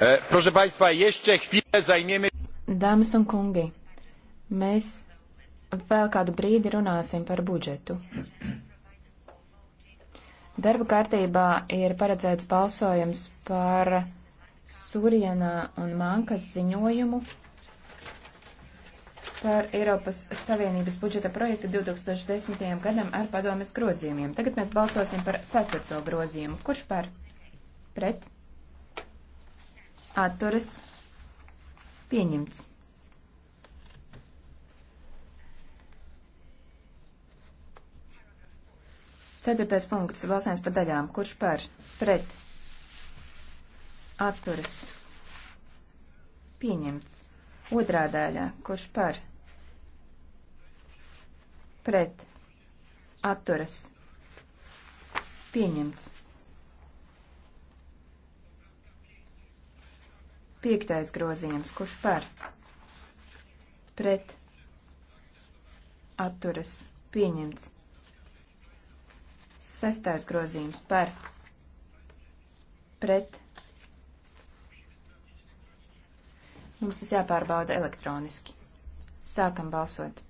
E, proszę Państwa, jeszcze chwilę zajmiemy. Dāmas un kungi, mēs vēl kādu brīdi runāsim par budžetu. Darba kārtībā ir paredzēts balsojums par Surienā un Mankas ziņojumu par Eiropas Savienības budžeta projektu 2010. gadam ar padomes grozījumiem. Tagad mēs balsosim par ceturto grozījumu. Kurš par? Pret? atturas pieņemts. Ceturtais punkts - balsājums par daļām. Kurš par? Pret. Atturas. Pieņemts. Otrā daļā. Kurš par? Pret. Atturas. Pieņemts. Piektais grozījums, kurš par? Pret. Atturas. Pieņemts. Sestais grozījums par. Pret. Mums tas jāpārbauda elektroniski. Sākam balsot.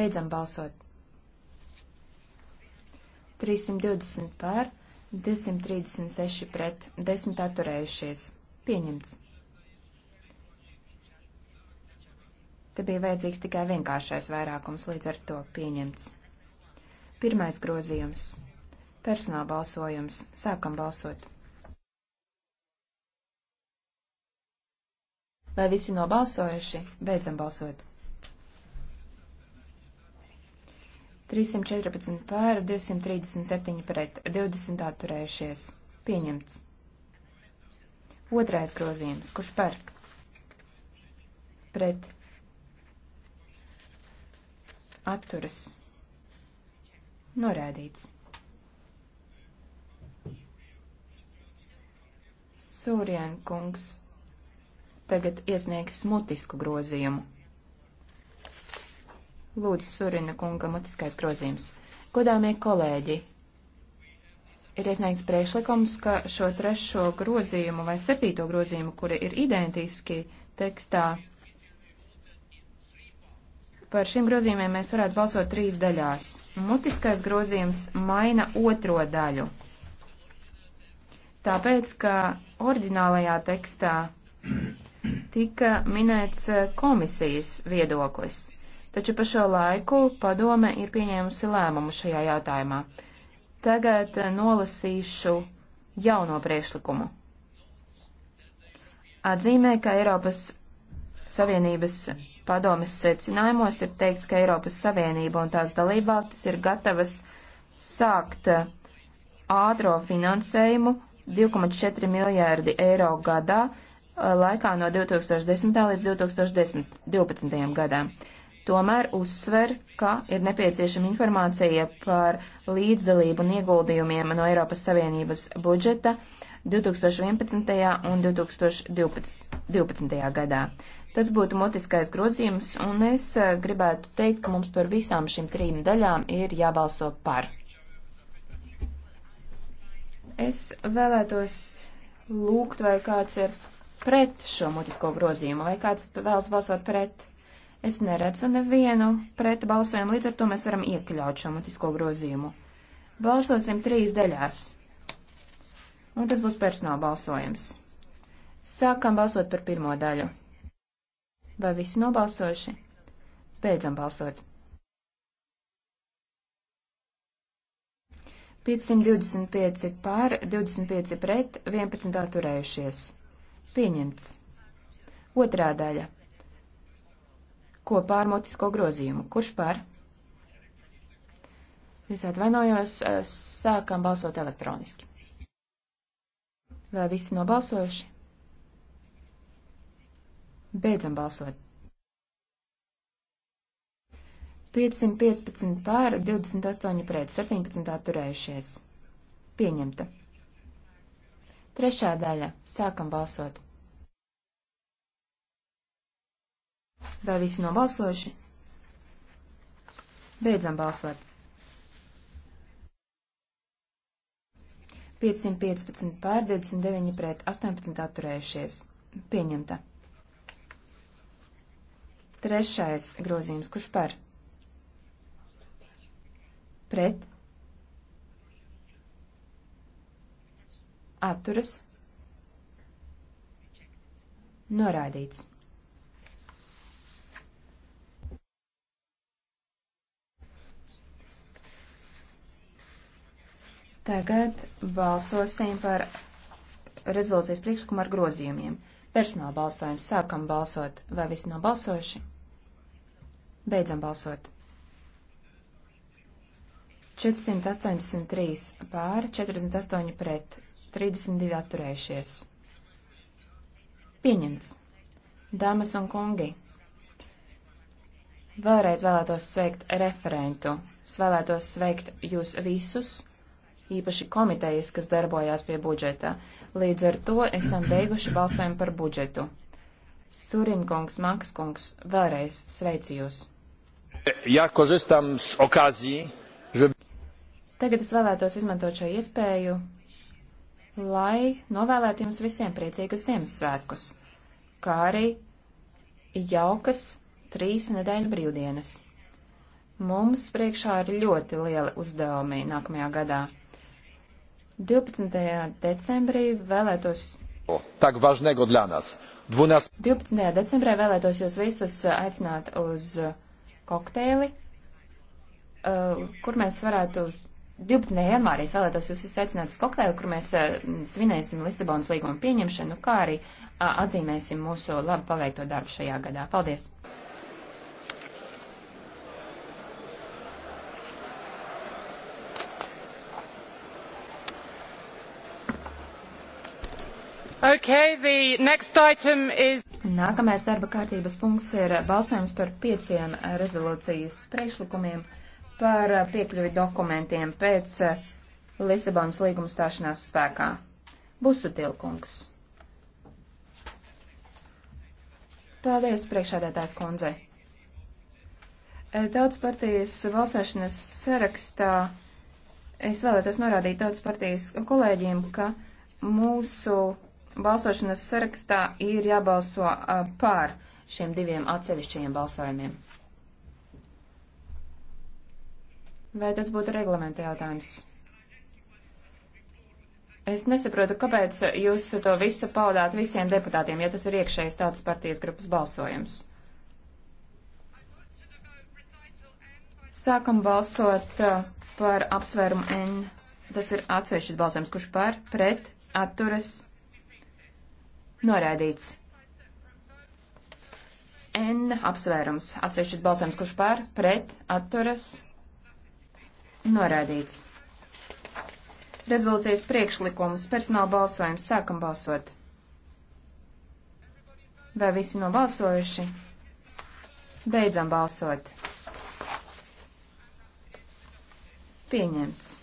Beidzam balsot. 320 pār, 236 pret, 10 atturējušies. Pieņemts. Te bija vajadzīgs tikai vienkāršais vairākums, līdz ar to pieņemts. Pirmais grozījums. Personāla balsojums. Sākam balsot. Vai visi nobalsojuši? Beidzam balsot. 314 pār, 237 pret, 20 atturējušies. Pieņemts. Otrais grozījums. Kurš par? Pret. Atturas. Norēdīts. Sūrien kungs tagad iesniegs mutisku grozījumu. Lūdzu, Surina kunga mutiskais grozījums. Godāmie kolēģi, ir iesniegts priekšlikums, ka šo trešo grozījumu vai septīto grozījumu, kuri ir identiski tekstā, par šiem grozījumiem mēs varētu balsot trīs daļās. Mutiskais grozījums maina otro daļu. Tāpēc, ka oriģinālajā tekstā tika minēts eh, komisijas viedoklis taču pa šo laiku padome ir pieņēmusi lēmumu šajā jautājumā. Tagad eh, nolasīšu jauno priekšlikumu. Atzīmē, ka Eiropas Savienības padomes secinājumos ir teikts, ka Eiropas Savienība un tās dalībvalstis ir gatavas sākt eh, ātro finansējumu 2,4 miljārdi eiro gadā eh, laikā no 2010. līdz 2012. gadām tomēr uzsver, ka ir nepieciešama informācija par līdzdalību un ieguldījumiem no Eiropas Savienības budžeta 2011. un 2012. gadā. Tas būtu mutiskais grozījums, un es eh, gribētu teikt, ka mums par visām šīm trim daļām ir jābalso par. Es vēlētos lūgt, vai kāds ir pret šo mutisko grozījumu, vai kāds vēlas balsot pret. Es neredzu nevienu pret balsojumu, līdz ar to mēs varam iekļaut šo mutisko grozījumu. Balsosim trīs daļās. Un tas būs personāla balsojums. Sākam balsot par pirmo daļu. Vai visi nobalsojuši? Beidzam balsot. 525 pār, 25 pret, 11 atturējušies. Pieņemts. Otrā daļa kopā ar mutisko grozījumu. Kurš par? Es atvainojos, eh, sākam balsot elektroniski. Vai visi nobalsojuši? Beidzam balsot. 515 pār, 28 pret, 17 atturējušies. Pieņemta. Trešā daļa. Sākam balsot. Vai visi nobalsojuši? Beidzam balsot. 515 pār 29 pret 18 atturējušies. Pieņemta. Trešais grozījums, kurš par? Pret. Atturas. Norādīts. Tagad balsosim par rezolūcijas priekšlikumu ar grozījumiem. Personāla balsojums. Sākam balsot. Vai visi nav balsojuši? Beidzam balsot. 483 pār, 48 pret, 32 atturējušies. Pieņemts. Dāmas un kungi, vēlreiz vēlētos sveikt referentu. Es vēlētos sveikt jūs visus īpaši komitejas, kas darbojās pie budžeta. Līdz ar to esam beiguši balsojumu par budžetu. Surinkungs, Makskungs, vēlreiz sveicu jūs. Ja korzystam z okazji, že... Tagad es vēlētos izmantot šo iespēju, lai novēlētu jums visiem priecīgus Ziemassvētkus, kā arī jaukas trīs nedēļu brīvdienas. Mums priekšā ir ļoti lieli uzdevumi nākamajā gadā. 12. decembrī vēlētos. Tak važnego dla nas. 12. 12. decembrī uh, uh, vēlētos jūs visus aicināt uz kokteili, kur mēs varētu uh, 12. janvārī es vēlētos jūs aicināt uz kokteili, kur mēs svinēsim Lisabonas līguma pieņemšanu, kā arī atzīmēsim mūsu labi paveikto darbu šajā gadā. Paldies! Okay, is... Nākamais darba kārtības punkts ir balsojums par pieciem rezolūcijas priekšlikumiem par piekļuvi dokumentiem pēc eh, Lisabonas līguma stāšanās spēkā. Busu tilkungs. Paldies, priekšādētājs kundze. Eh, tautas partijas valsēšanas sarakstā es vēlētos norādīt tautas partijas kolēģiem, ka mūsu balsošanas sarakstā ir jābalso uh, pār šiem diviem atsevišķajiem balsojumiem. Vai tas būtu reglamenta jautājums? Es nesaprotu, kāpēc jūs to visu paudāt visiem deputātiem, ja tas ir iekšējais tautas partijas grupas balsojums. Sākam balsot par apsvērumu N. Tas ir atsevišķis balsojums, kurš par, pret, atturas, Noraidīts. N apsvērums. Atsevišķis balsojums, kurš pār, pret, atturas. Noraidīts. Rezolūcijas priekšlikums. Personāla balsojums. Sākam balsot. Vai visi nobalsojuši? Beidzam balsot. Pieņemts.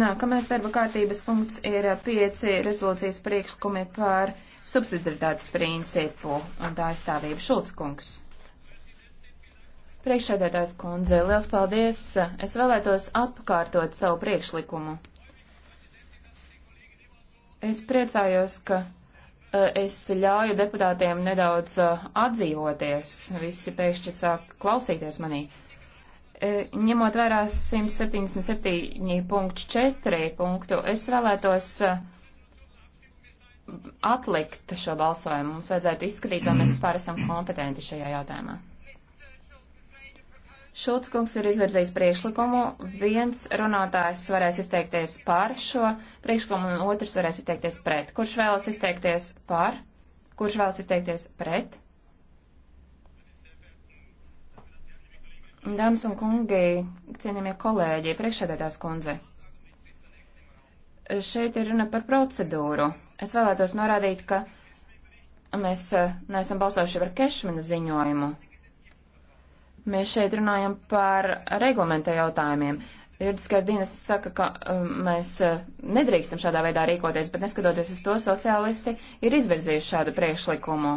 Nākamais darba kārtības punkts ir pieci rezolūcijas priekšlikumi par subsidiaritātes principu un tā aizstāvību Šulc kungs. Priekšsēdētājs kundze, liels paldies! Es vēlētos atkārtot savu priekšlikumu. Es priecājos, ka eh, es ļauju deputātiem nedaudz eh, atdzīvoties. Visi pēkšņi sāk klausīties manī. Uh, E, ņemot vērā 177.4 punktu, es vēlētos e, atlikt šo balsojumu. Mums vajadzētu izskatīt, vai mēs vispār esam kompetenti šajā jautājumā. Šulc kungs ir izvirzījis priekšlikumu. Viens runātājs varēs izteikties par šo priekšlikumu, un otrs varēs izteikties pret. Kurš vēlas izteikties par? Kurš vēlas izteikties pret? Dāmas un kungi, cienījamie kolēģi, priekšsēdētās kundze. Šeit ir runa par procedūru. Es vēlētos norādīt, ka mēs eh, neesam balsojuši par Kešmina ziņojumu. Mēs šeit runājam par reglamenta jautājumiem. Juridiskais dienas saka, ka um, mēs eh, nedrīkstam šādā veidā rīkoties, bet neskatoties uz to, sociālisti ir izvirzījuši šādu priekšlikumu.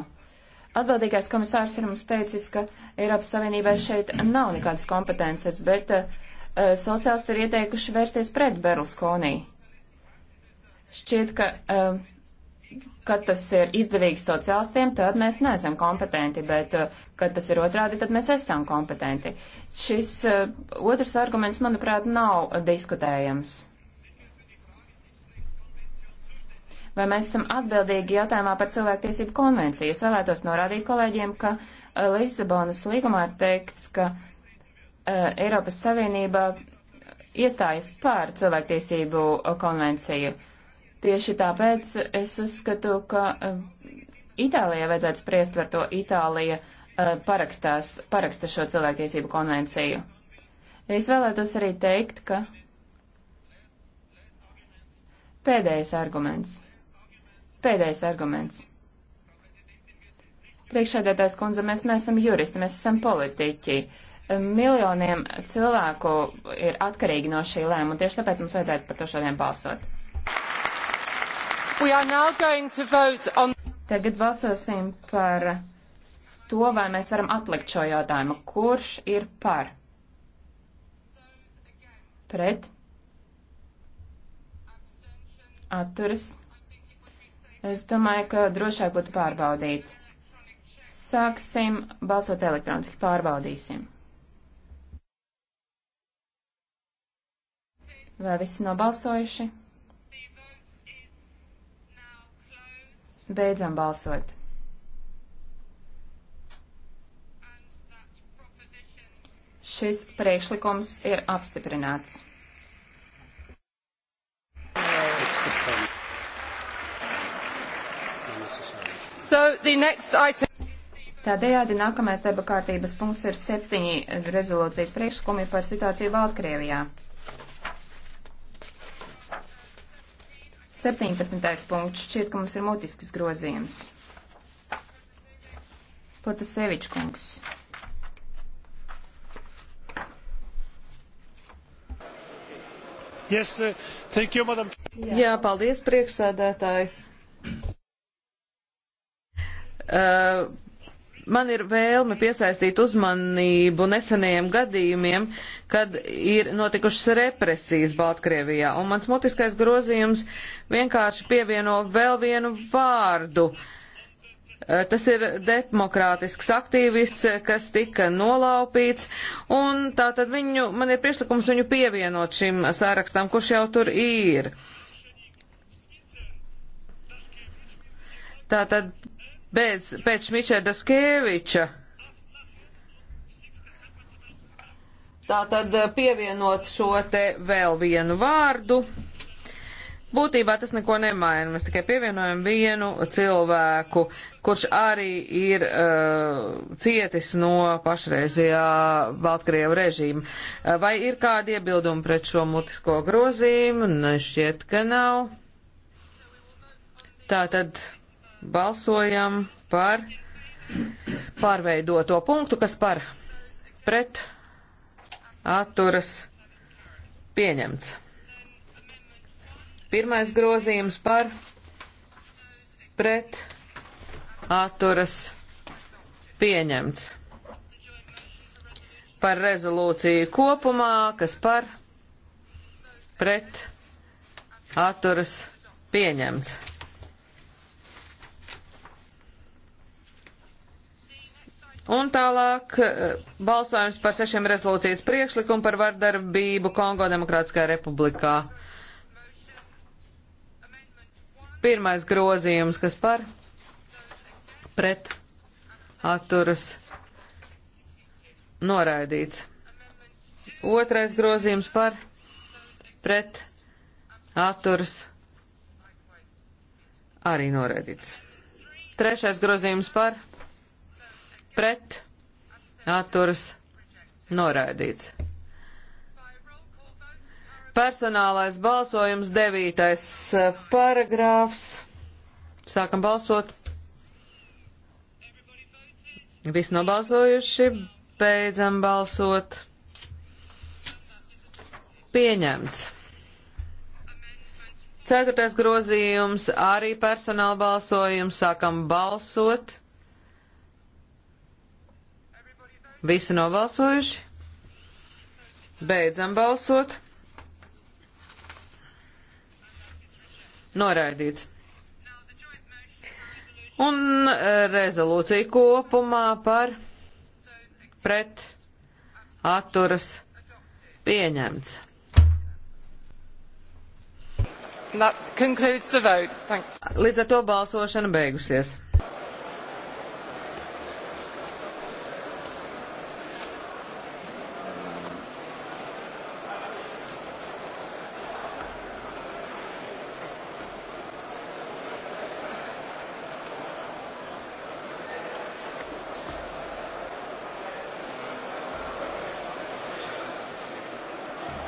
Atbildīgais komisārs ir mums teicis, ka Eiropas Savienībai šeit nav nekādas kompetences, bet uh, sociālisti ir ieteikuši vērsties pret Berluskonī. Šķiet, ka, uh, kad tas ir izdevīgs sociālistiem, tad mēs neesam kompetenti, bet, uh, kad tas ir otrādi, tad mēs esam kompetenti. Šis uh, otrs arguments, manuprāt, nav diskutējams. vai mēs esam atbildīgi jautājumā par cilvēktiesību konvenciju. Es vēlētos norādīt kolēģiem, ka eh, Lisabonas līgumā ir teikts, ka eh, Eiropas Savienība iestājas par cilvēktiesību eh, konvenciju. Tieši tāpēc es uzskatu, ka Itālijai vajadzētu spriest par to, Itālija uh, parakstās, paraksta šo cilvēktiesību konvenciju. Es vēlētos arī teikt, ka pēdējais arguments. Pēdējais arguments. Priekšādātājs kundze, mēs neesam juristi, mēs esam politiķi. Miljoniem cilvēku ir atkarīgi no šī lēmuma, tieši tāpēc mums vajadzētu par to šodien balsot. On... Tagad balsosim par to, vai mēs varam atlikt šo jautājumu. Kurš ir par? Pret? Atturas? Es domāju, ka drošāk būtu pārbaudīt. Sāksim balsot elektroniski, pārbaudīsim. Vai visi nobalsojuši? Beidzam balsot. Šis priekšlikums ir apstiprināts. So the next item. Tādējādi nākamais darba kārtības punkts ir septiņi rezolūcijas priekšlikumi par situāciju Baltkrievijā. 17. punkts. Šķiet, ka mums ir mutisks grozījums. Potasevičs kungs. Yes, thank you, madam. Jā, paldies, priekšsēdētāji. Eh, man ir vēlme piesaistīt uzmanību nesenajiem gadījumiem, kad ir notikušas represijas Baltkrievijā, un mans mutiskais grozījums vienkārši pievieno vēl vienu vārdu. Eh, tas ir demokrātisks aktīvists, eh, kas tika nolaupīts, un tā tad viņu, man ir priekšlikums viņu pievienot šim sārakstam, kurš jau tur ir. Tātad bez, pēc Mičēda Skēviča. Tātad eh, pievienot šo te vēl vienu vārdu. Būtībā tas neko nemaina, mēs tikai pievienojam vienu cilvēku, kurš arī ir uh, cietis no pašreizajā Baltkrievu režīma. Eh, vai ir kādi iebildumi pret šo mutisko grozījumu? Nešķiet, ka nav. Tātad Balsojam par pārveidoto punktu, kas par pret atturas pieņemts. Pirmais grozījums par pret atturas pieņemts. Par rezolūciju kopumā, kas par pret atturas pieņemts. Un tālāk eh, balsojums par sešiem rezolūcijas priekšlikumu par vardarbību Kongo Demokrātiskajā republikā. Pirmais grozījums, kas par pret atturas noraidīts. Otrais grozījums par pret atturas arī noraidīts. Trešais grozījums par pret pret, atturas, noraidīts. Personālais balsojums, devītais eh, paragrāfs. Sākam balsot. Visi nobalsojuši, beidzam balsot. Pieņemts. Ceturtais grozījums, arī personāla balsojums, sākam balsot. Visi nobalsojuši. Beidzam balsot. Noraidīts. Un eh, rezolūcija kopumā par pret atturas pieņemts. Līdz ar to balsošana beigusies.